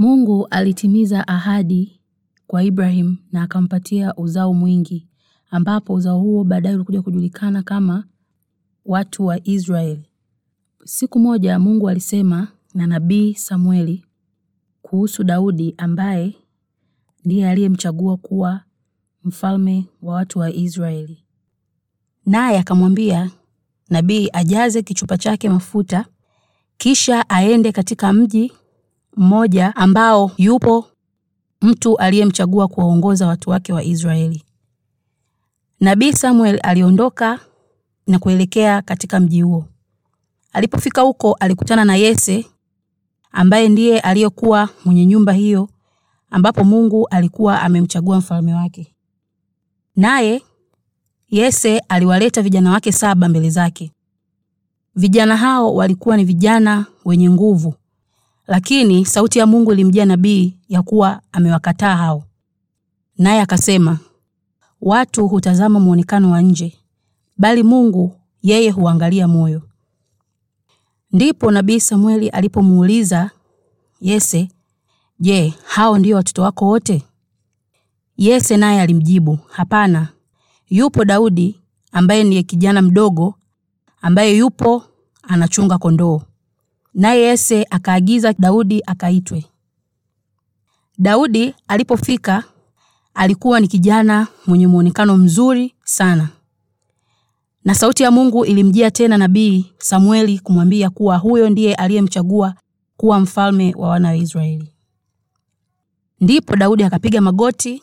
Mungu alitimiza ahadi kwa Ibrahim na akampatia uzao mwingi ambapo uzao huo baadaye ulikuja kujulikana kama watu wa Israeli. Siku moja Mungu alisema na nabii Samueli kuhusu Daudi ambaye ndiye aliyemchagua kuwa mfalme wa watu wa Israeli. Naye akamwambia nabii ajaze kichupa chake mafuta kisha aende katika mji mmoja ambao yupo mtu aliyemchagua kuwaongoza watu wake wa Israeli. Nabii Samuel aliondoka na kuelekea katika mji huo. Alipofika huko, alikutana na Yese ambaye ndiye aliyekuwa mwenye nyumba hiyo ambapo Mungu alikuwa amemchagua mfalme wake. Naye Yese aliwaleta vijana wake saba mbele zake. Vijana hao walikuwa ni vijana wenye nguvu lakini sauti ya Mungu ilimjia nabii ya kuwa amewakataa hao, naye akasema, watu hutazama muonekano wa nje, bali Mungu yeye huangalia moyo. Ndipo nabii Samueli alipomuuliza Yese, je, hao ndio watoto wako wote? Yese naye alimjibu, hapana, yupo Daudi ambaye ni kijana mdogo ambaye yupo anachunga kondoo. Naye Yese akaagiza Daudi akaitwe. Daudi alipofika alikuwa ni kijana mwenye muonekano mzuri sana, na sauti ya Mungu ilimjia tena nabii Samueli kumwambia kuwa huyo ndiye aliyemchagua kuwa mfalme wa wana wa Israeli. Ndipo Daudi akapiga magoti.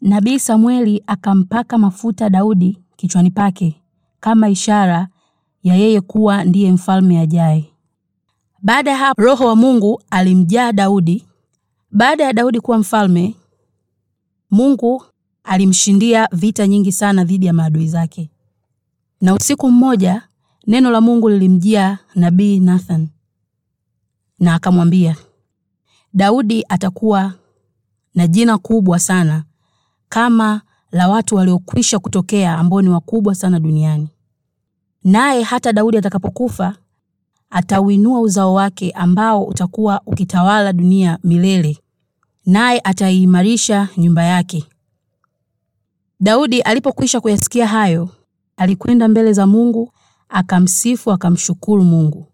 Nabii Samueli akampaka mafuta Daudi kichwani pake kama ishara ya yeye kuwa ndiye mfalme ajaye. Baada ya hapo Roho wa Mungu alimjaa Daudi. Baada ya Daudi kuwa mfalme, Mungu alimshindia vita nyingi sana dhidi ya maadui zake. Na usiku mmoja neno la Mungu lilimjia nabii Nathan na akamwambia, Daudi atakuwa na jina kubwa sana kama la watu waliokwisha kutokea ambao ni wakubwa sana duniani, naye hata Daudi atakapokufa atauinua uzao wake ambao utakuwa ukitawala dunia milele, naye ataiimarisha nyumba yake. Daudi alipokwisha kuyasikia hayo, alikwenda mbele za Mungu akamsifu akamshukuru Mungu.